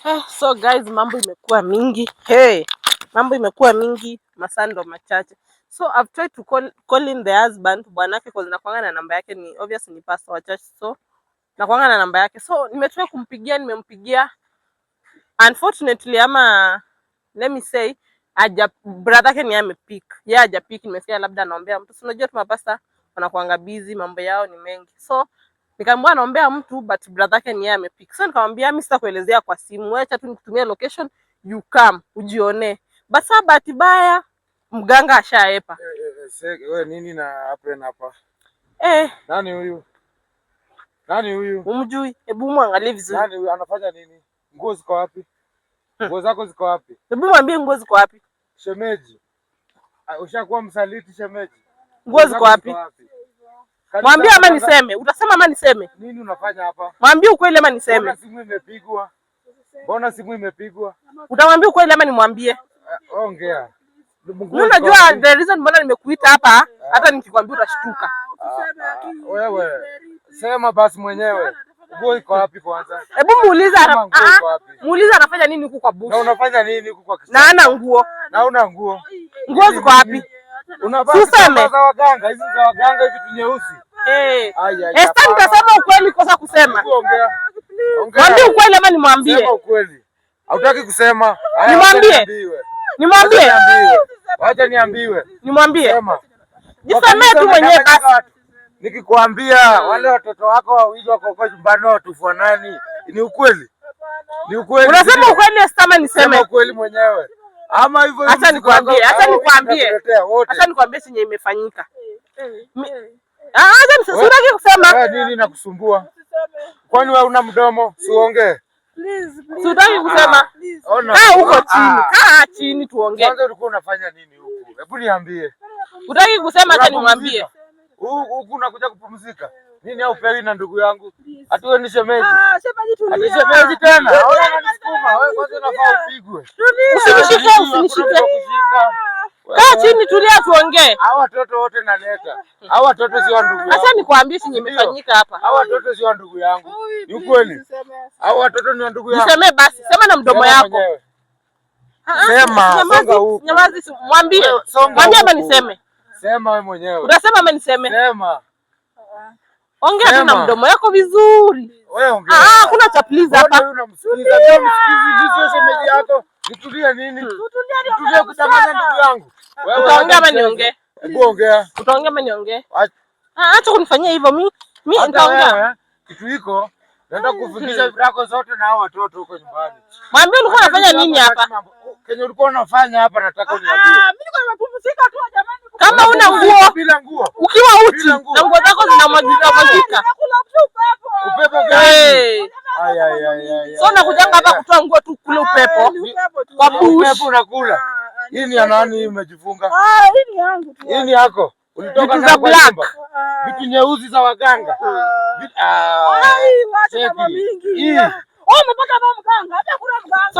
so guys, mambo imekuwa mingi hey, mambo imekuwa mingi, masaa ndo machache. So I've tried to call, call in the husband bwanake, cause nakwanga na namba yake ni obvious, ni pastor wa church, so nakwanga na namba yake, so nimetry kumpigia, nimempigia unfortunately, ama let me say aja brother yake ni amepick ye yeah, ajapick. Nimesikia labda anaombea mtu, unajua tu mapasta wanakuanga busy, mambo yao ni mengi so nikamwambia anaombea mtu but brother yake ni yeye amepick. So nikamwambia mimi sitakuelezea kwa simu, acha tu nikutumie location, you come ujione. But sasa bahati mbaya mganga ashaepa. Eh, eh, eh Wewe nini na happen hapa? Eh. Nani huyu? Nani huyu? Umjui. Hebu muangalie vizuri. Nani huyu anafanya nini? Nguo ziko wapi? Hmm. Nguo zako ziko wapi? Hebu mwambie nguo ziko wapi? Shemeji. Ah, ushakuwa msaliti shemeji. Nguo ziko wapi? Mwambie ama niseme, utasema ama niseme. Nini unafanya hapa? Mwambie ukweli ama niseme. Mbona simu imepigwa? Mbona simu imepigwa? Utamwambia ukweli ama nimwambie? Eh, ongea. Unajua the reason mbona nimekuita hapa, eh. hata nikikwambia utashtuka. Ah, ah, wewe sema basi mwenyewe. Nguo iko wapi kwanza? Hebu muulize ah, muulize anafanya nini huko kwa bush. Na unafanya nini huko kwa kisasa? Na ana nguo. Na una nguo. Nguo ziko wapi? Esta, nitasema ukweli kosa kusema. Mwambie ukweli ama nimwambie? Hautaki kusema. Nimwambie. Nimwambie. Wacha niambiwe. Nimwambie. Jisemee tu mwenyewe basi. Nikikwambia wale watoto wako wawili wako huko nyumbani watufua nani? Ni ukweli. Ni ukweli. Unasema ukweli Esta ama niseme? Sema ukweli mwenyewe ama hivyo. Acha nikwambie, acha nikwambie, acha nikwambie chenye imefanyika. Eh, eh, eh. Ah, Acha msisirage kusema nini nakusumbua. Kwani wewe una mdomo? Siongee. Sitaki ah, kusema. Oh, kaa huko chini, ah. kaa chini tuongee. Kwanza ulikuwa unafanya nini huko? Hebu niambie. Utaki kusema, acha nimwambie. Huko unakuja kupumzika nini au feri na ndugu yangu, atuwe ni shemeji. Ah, Ati shemeji tena, wewe unanisukuma wewe, kwanza unafaa upigwe. Usinishike, usinishike. Kaa chini, tulia, tuongee. Hao watoto wote naleta, Hao watoto si wa ndugu yangu. Sasa nikwambie, si nimefanyika hapa. Hao watoto si wa ndugu yangu, ni ukweli. Hawa watoto ni wa ndugu yangu. Niseme basi, sema na mdomo yako. Ah, ah. Sema, songa huko. Nyamazi, mwambie. Mwambie ama niseme. Sema wewe mwenyewe. Unasema ama niseme? Sema. Ongea tu na mdomo yako vizuri. Wewe ongea. Ah, ah kuna cha please hapa. Wewe unamsikiliza ah. yako. Nitulia nini? Hmm. Nitulia kutamana ndugu yangu. Wewe utaongea ama niongee? Hebu ongea. Utaongea ama niongee? Acha ah, kunifanyia hivyo mimi. Mimi nitaongea. Kitu hiko Naenda kufikisha vitako zote na hao watoto huko nyumbani. Mwambie ulikuwa unafanya nini hapa? Kenye ulikuwa unafanya hapa nataka uniambie. Ah, ah mimi nilikuwa nimepumzika tu jamani. Kama una nguo bila nguo. Ukiwa uchi na nguo zako zinamwagika mwagika. Upepo Upepo gani? Ay ay ay. Sio nakujanga hapa kutoa nguo tu kule ah, upepo. Kwa bush. Upepo unakula. Ah, hii ni ya nani imejifunga? Ah, hii ni yangu tu. Hii ni yako vitu za black, ah. vitu nyeusi za waganga ah. Ah. Eh. Oh,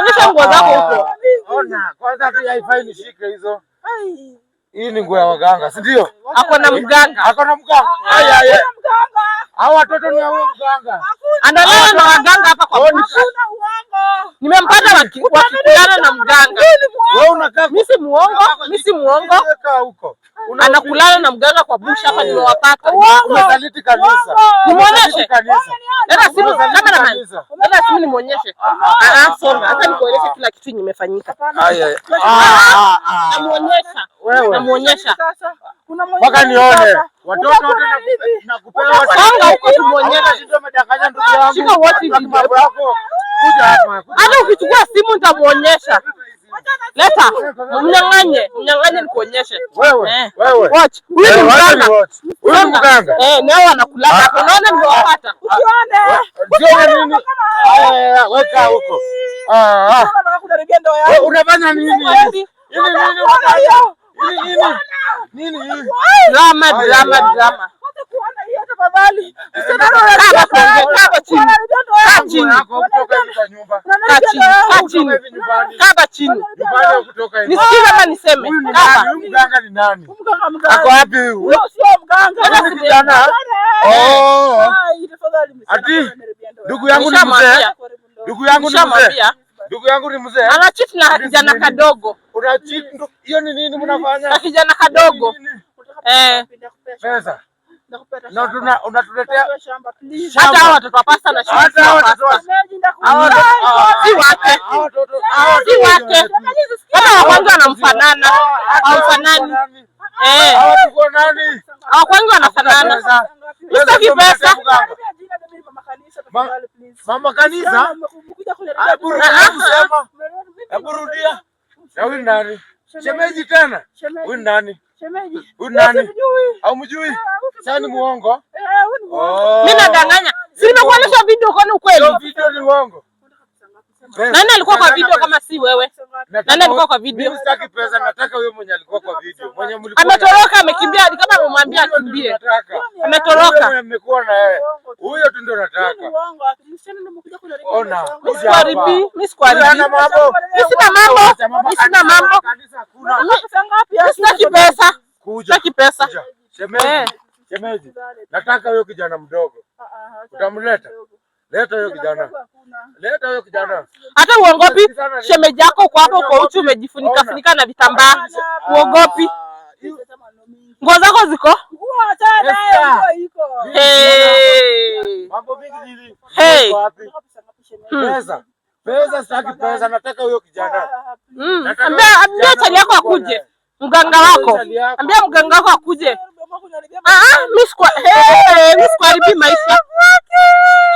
nguo zako huko hizo. Hii ni nguo ya waganga, si ndio? Ako na mganga, ako na mganga. Hao watoto ni mganga. Analala na waganga hapa kwa. Nimempata wakikulana na mganga wewe unakaa mimi si muongo, mimi si muongo. Anakulala na mganga kwa busha hapa, nimewapata. Umesaliti kanisa. Nimuonyeshe kanisa. Dada simu kama na mimi. Dada simu nimuonyeshe. Ah, ah, ah, ah soma. Hata nikueleze kila kitu kimefanyika. Namuonyesha. Wewe. Namuonyesha. Mpaka nione. Watoto wote nakupewa. Sanga huko tumuonyeshe. Shika wote mambo yako. Kuja hapa. Hata ukichukua simu nitamuonyesha. Leta, mnyang'anye, mnyang'anye nikuonyeshe. Wewe, eh. wewe. Watch. Huyu ni mganga. Huyu mganga. Eh, nao wanakulaga. Ah, ah, Unaona ah, nimewapata. Usione. Usione nini? Eh, eh, eh, weka huko. Ah, Wewe unafanya nini? Hivi hivi. Hivi Nini hivi? Drama, drama, drama. Kaba chini, nisikize ama niseme? ndugu yangu ni mzee, ndugu yangu ni mzee, ndugu yangu ni mzee, anachiti na kijana kadogo. Hiyo ni nini mnafanya na kijana kadogo? Eh, pesa na unatuletea hata watoto wa pasta na shirika hawa watoto si wake, si wake. Hata wa kwanza wanamfanana, hawamfanani eh, hawa kwanza wanafanana. Mr. Kipesa mama kanisa, hebu rudia. Huyu nani? Shemeji tena huyu nani? Huyu nani? Au ah, mjui? Sasa ni muongo. Eh, oh. Mimi nadanganya. Si nimekuonesha video kwani ukweli. Video ni uongo. Nani alikuwa kwa video kama si wewe? Nani alikuwa kwa video? Mimi sitaki pesa, nataka huyo mwenye alikuwa kwa video. Mwenye mlikuwa ametoroka, amekimbia, ni kama amemwambia akimbie. Ametoroka. Mwenye mmekuwa na yeye. Huyo tu ndio nataka. Ona, mimi mimi sikuharibi. Mimi sina mambo. Mimi sina mambo. Mimi sitaki pesa. Sitaki pesa. Eh. Shemeji. Shemeji. Nataka huyo kijana mdogo. Ah, ah, ah, Utamleta? Leta huyo kijana. Leta huyo kijana. Hata uongopi shemeji yako uko hapo kwa uchi umejifunika funika na vitambaa. Uongopi. Ah, nguo zako ziko? acha nayo iko. Mambo mingi Hey. Hmm. Pesa Pesa sitaki pesa, nataka huyo kijana. Ah, ah, hmm. Ambia ambia chali yako akuje, mganga wako ambia mganga wako akuje. Ah, mimi mimi Hey, Mi ripi maisha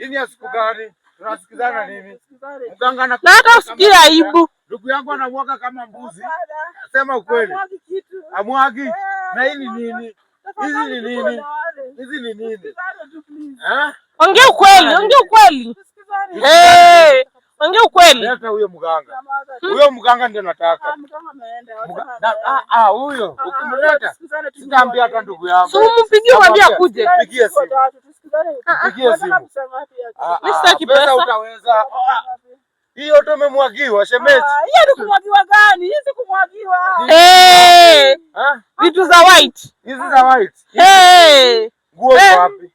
Hii ni ya siku gani? Tunasikizana nini? Mganga na Nataka usikie aibu. Ndugu yangu anamwaga kama mbuzi. Sema ukweli. Amwagi. Eh, na hii ni nini? Hizi ni nini? Hizi ni nini? Eh? Ongea ukweli, ongea ukweli. Eh, ongea ukweli. Leta huyo mganga. Huyo mganga ndio nataka. Ah ah, ah, ah, huyo ah, ukimleta sitaambia hata ndugu yangu. Sio mpigie, mwambie akuje. Mpigie simu. Ah, ah, ah, pesa utaweza hiyo umemwagiwa shemeji. Hiyo ni kumwagiwa gani? kumwagiwa. Eh. Vitu za white. Hizi za white. Eh. Nguo wapi?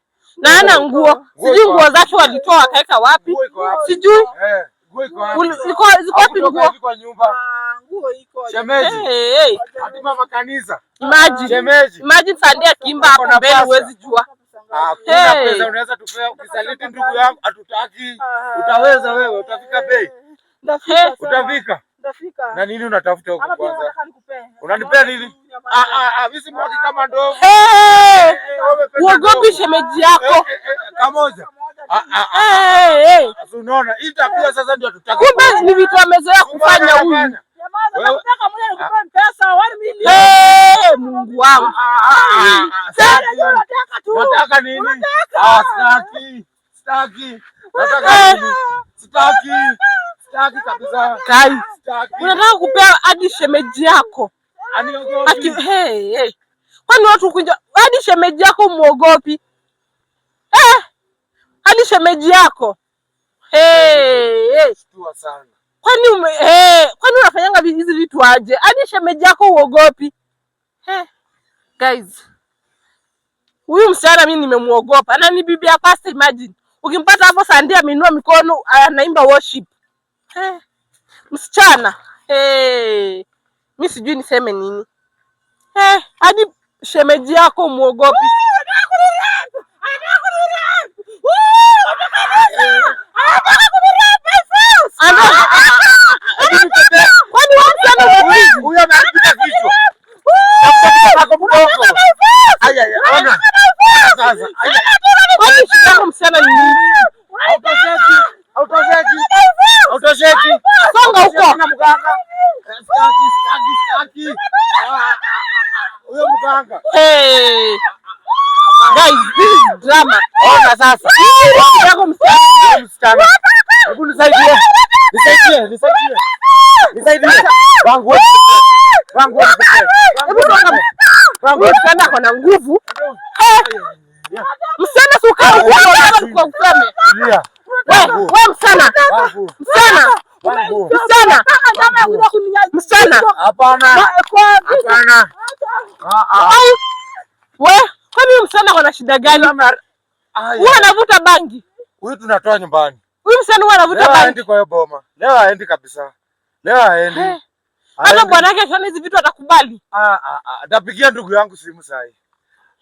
nguo. Sijui nguo zake walitoa akaweka wapi? Sijui. Eh. Nguo iko wapi? Ziko ziko wapi nguo? Kwa nyumba. Nguo iko. Shemeji. Eh. Hadi mama kanisa. Imagine. Shemeji. Imagine Sandia kimba hapo mbele huwezi jua. Hakuna pesa unaweza tupea, ukisaliti ndugu yako hatutaki. Utaweza wewe, utafika bei, utafika na nini? Unatafuta huko kwanza, unanipea nini? Ah, ah, ah, mimi mwaki kama ndovu, uogopi shemeji yako kamoja. Unaona hii tabia sasa ndio tutaki. Kumbe ni vitu amezoea kufanya huyu. Mungu wangu Unataka nini? Ah, sitaki. Sitaki. Unataka nini? Sitaki. Sitaki kabisa. Kai. Unataka kupea hadi shemeji yako. Ati hey, hey. Kwani watu kunja hadi shemeji yako muogopi? Eh. Hadi shemeji yako. Hey, hey. Shtua sana. Kwani ume eh, kwani unafanyanga hizi vitu aje? Hadi shemeji yako uogopi? Eh. Guys. Huyu msichana mimi nimemuogopa, na ni bibi yako. Hasa imagine ukimpata hapo sandia minua mikono anaimba worship eh, msichana eh, mimi sijui niseme nini eh, hadi shemeji yako muogopi. Songa Ukame ako na nguvu. Eh, msana sukao ah, kwa ukame. Wewe msana. Msana. Msana. Msana. Hapana. Hapana. Ah, ah. Wewe kwani msana na shida gani? Wewe anavuta bangi. Huyu tunatoa nyumbani. Huyu msana huwa anavuta bangi. Leo haendi kwa hiyo boma. Leo haendi kabisa. Leo haendi. Eh. Hata bwana yake akiona hizi vitu atakubali. Ah, ah ah, ndapigia ndugu yangu simu saa hii.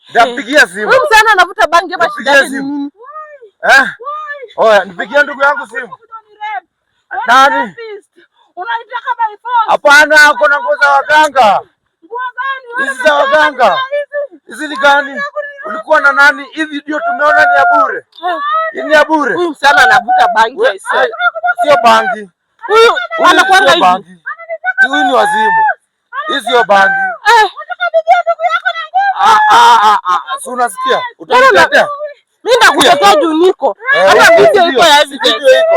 Ndapigia eh. simu. Huyu msana anavuta bangi ama shida ni nini? Eh? Oya, nipigia ndugu yangu simu. Nani? Unaitaka by force? Hapana, uko na nguo za waganga. Nguo gani? Hizi za waganga. Hizi ni gani? Ulikuwa na nani? Hivi ndio tumeona ni ya bure. Eh. Ni ya bure. Huyu msana anavuta bangi. Eh, sio bangi. Huyu anakuwa hivi. Huyu ni wazimu. Hii sio bangi. Eh. Ah, ah, ah, si unasikia? Yaani, Utanitetea. Yaani, yaani. Mimi ndakutetea juu niko. Hata eh, eh, video iko ya video iko.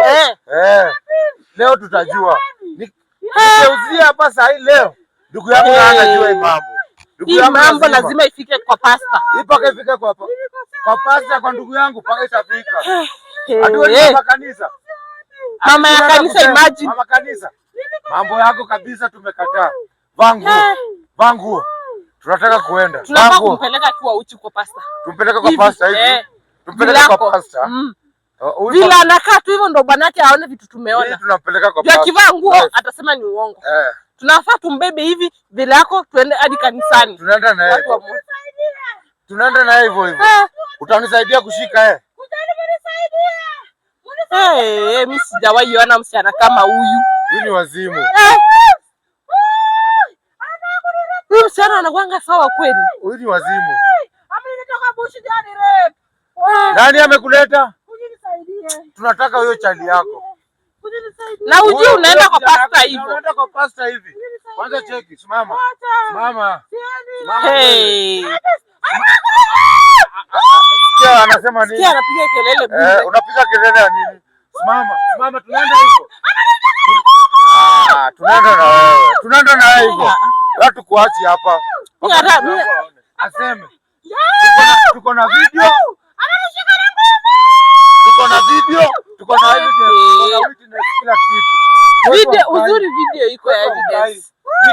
Eh. Leo tutajua. Nikuuzia hapa saa hii leo. Ndugu yangu anajua mambo. Hii mambo lazima ifike kwa pasta. Hii ifike kwa pasta. Kwa pasta kwa ndugu yangu paka itafika. Atuwe kwa kanisa. Mama ya kanisa imagine. Mama kanisa. Mambo yako kabisa, tumekataa. Vangu, vangu, tunataka kuenda. Tunataka kumpeleka kwa uchi kwa pasta. Tumpeleke kwa pasta hivi. tumpeleka kwa pasta. Bila mm. oh, anakaa tu hivyo ndo bwanake aone vitu tumeona. Tunampeleka kwa pasta. Akivaa nguo atasema ni uongo. Eh. Tunafaa tumbebe hivi vile yako tuende hadi kanisani. Tunaenda na yeye. Tunaenda na yeye hivyo hivyo. Eh. Utanisaidia kushika eh? Hey, eh, eh, mimi sijawahi ona msichana kama huyu. Mimi wazimu. Huyu msichana anakuanga sawa kweli. Huyu ni wazimu. Nani amekuleta? Tunataka huyo chali yako. Na ujue unaenda kwa pasta hivi. Unaenda kwa pasta hivi. Kwanza cheki, simama. Simama. Hey. Ah, ah, ah. Sikia anasema nini? Sikia anapiga kelele. Eh, unapiga kelele ya nini? Simama, simama tunaenda huko. Ah, tunaenda na wewe. Tunaenda na wewe hivyo. Ah! Watu kuachi hapa. Aseme. Tuko na video. Ananishika na Tuko na video, tuko na evidence, Video uzuri, video iko ya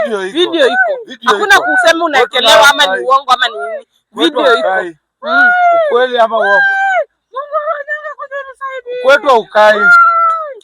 Video Video iko. Hakuna kusema unaekelewa ama ni uongo ama ni nini. Video iko. Ukweli mm. ama uongo. Kwetu haukai.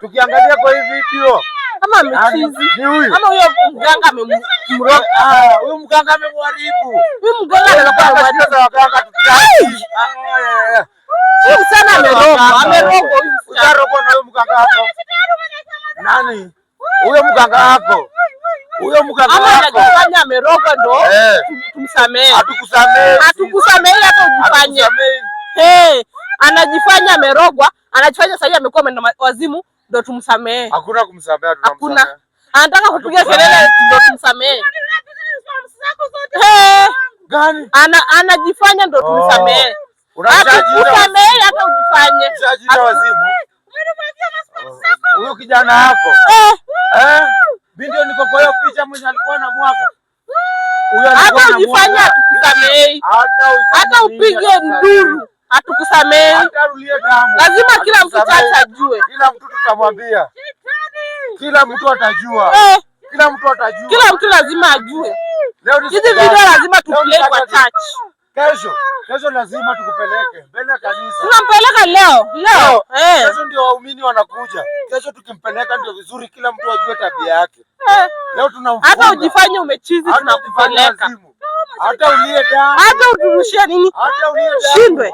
tukiangalia kwa hivi video ama yaani, mchizi ni huyu ama huyo mganga amemroga. Ah, huyo mganga amemwaribu Huyo mganga anakuwa ameharibu za waganga tutaki. Huyo sana amerogo amerogo huyo msana. na huyo mganga hapo. Nani? Huyo mganga hapo. Huyo mganga Ama anajifanya amerogo ndo eh. tumsamee atukusamee atukusamee hata ujifanye. Eh, anajifanya amerogwa, anajifanya sasa hivi amekuwa wazimu ndo tumsamehe. Hakuna kumsamehe, hakuna. Anataka kupiga kelele ndo tumsamehe. Ana anajifanya ndo tumsamehe. Oh. Usamehe hata ujifanye. Oh. Huyo kijana hapo Eh? Binti niko kwa hiyo picha mwenye alikuwa na mwaka. Hata ujifanye atukusamehe. Hata upige nduru hatukusamehe, lazima kila mtoto ajue, kila mtu tutamwambia, kila mtu atajua eh. Kila mtu atajua, kila mtu lazima ajue. Hizi video lazima tupeleke kwa church kesho, kesho lazima tukupeleke mbele ya kanisa. Tunampeleka leo leo, eh. kesho ndio waumini wanakuja. Kesho tukimpeleka ndio vizuri, kila mtu ajue tabia yake. Eh. Leo tunamfunga, hata ujifanye umechizi, tunakupeleka hata uturushia nini shindwe,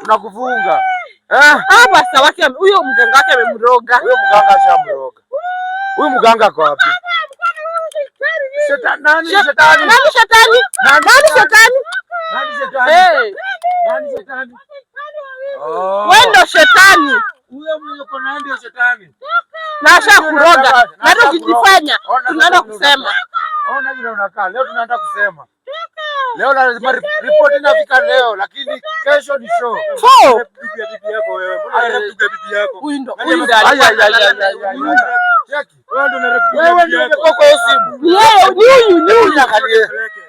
tunakufunga basa. Eh? Wake huyo mganga wake amemroga huyo mganga, ashamroga huyo mganga. Kwa wapi? Shetani, shetani, shetani, oh. wewe ndo shetani Nasha kuroga, hata ukijifanya tunaenda kusema Ona vile unakaa leo, tunaenda kusema leo lazima ripoti inafika leo, lakini kesho ni show. Huyu ndiye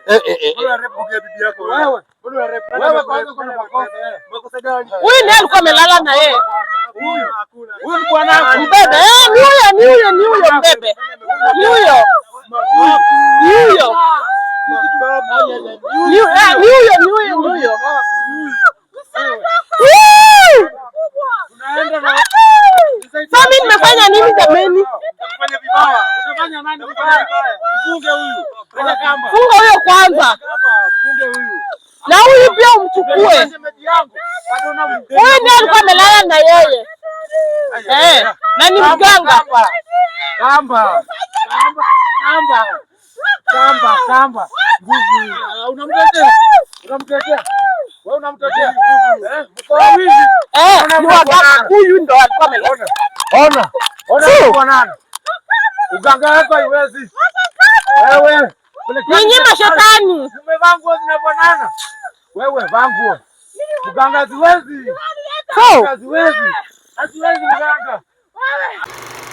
eh, eh, eh. alikuwa amelala na yeye. Huyu ni bwana mbebe. Ah, ni ni ni huyo mbebe, ni huyo sasa mimi nimefanya nini jameni? Funga huyo kwanza na huyu pia umchukue. Huyu ndiye alikuwa amelala na yeye na ni mganga. Kamba, kamba. Nguvu. Ah, unamtetea. Unamtetea. Eh, eh, huyu ndo alikuwa ameleta. Ona. Ona kwa nani? Uganga wako haiwezi. Wewe. Ninyi mashetani. Umevaa nguo zinafanana. Wewe vaa nguo. Uganga haziwezi. Haziwezi. Haziwezi uganga. Wewe.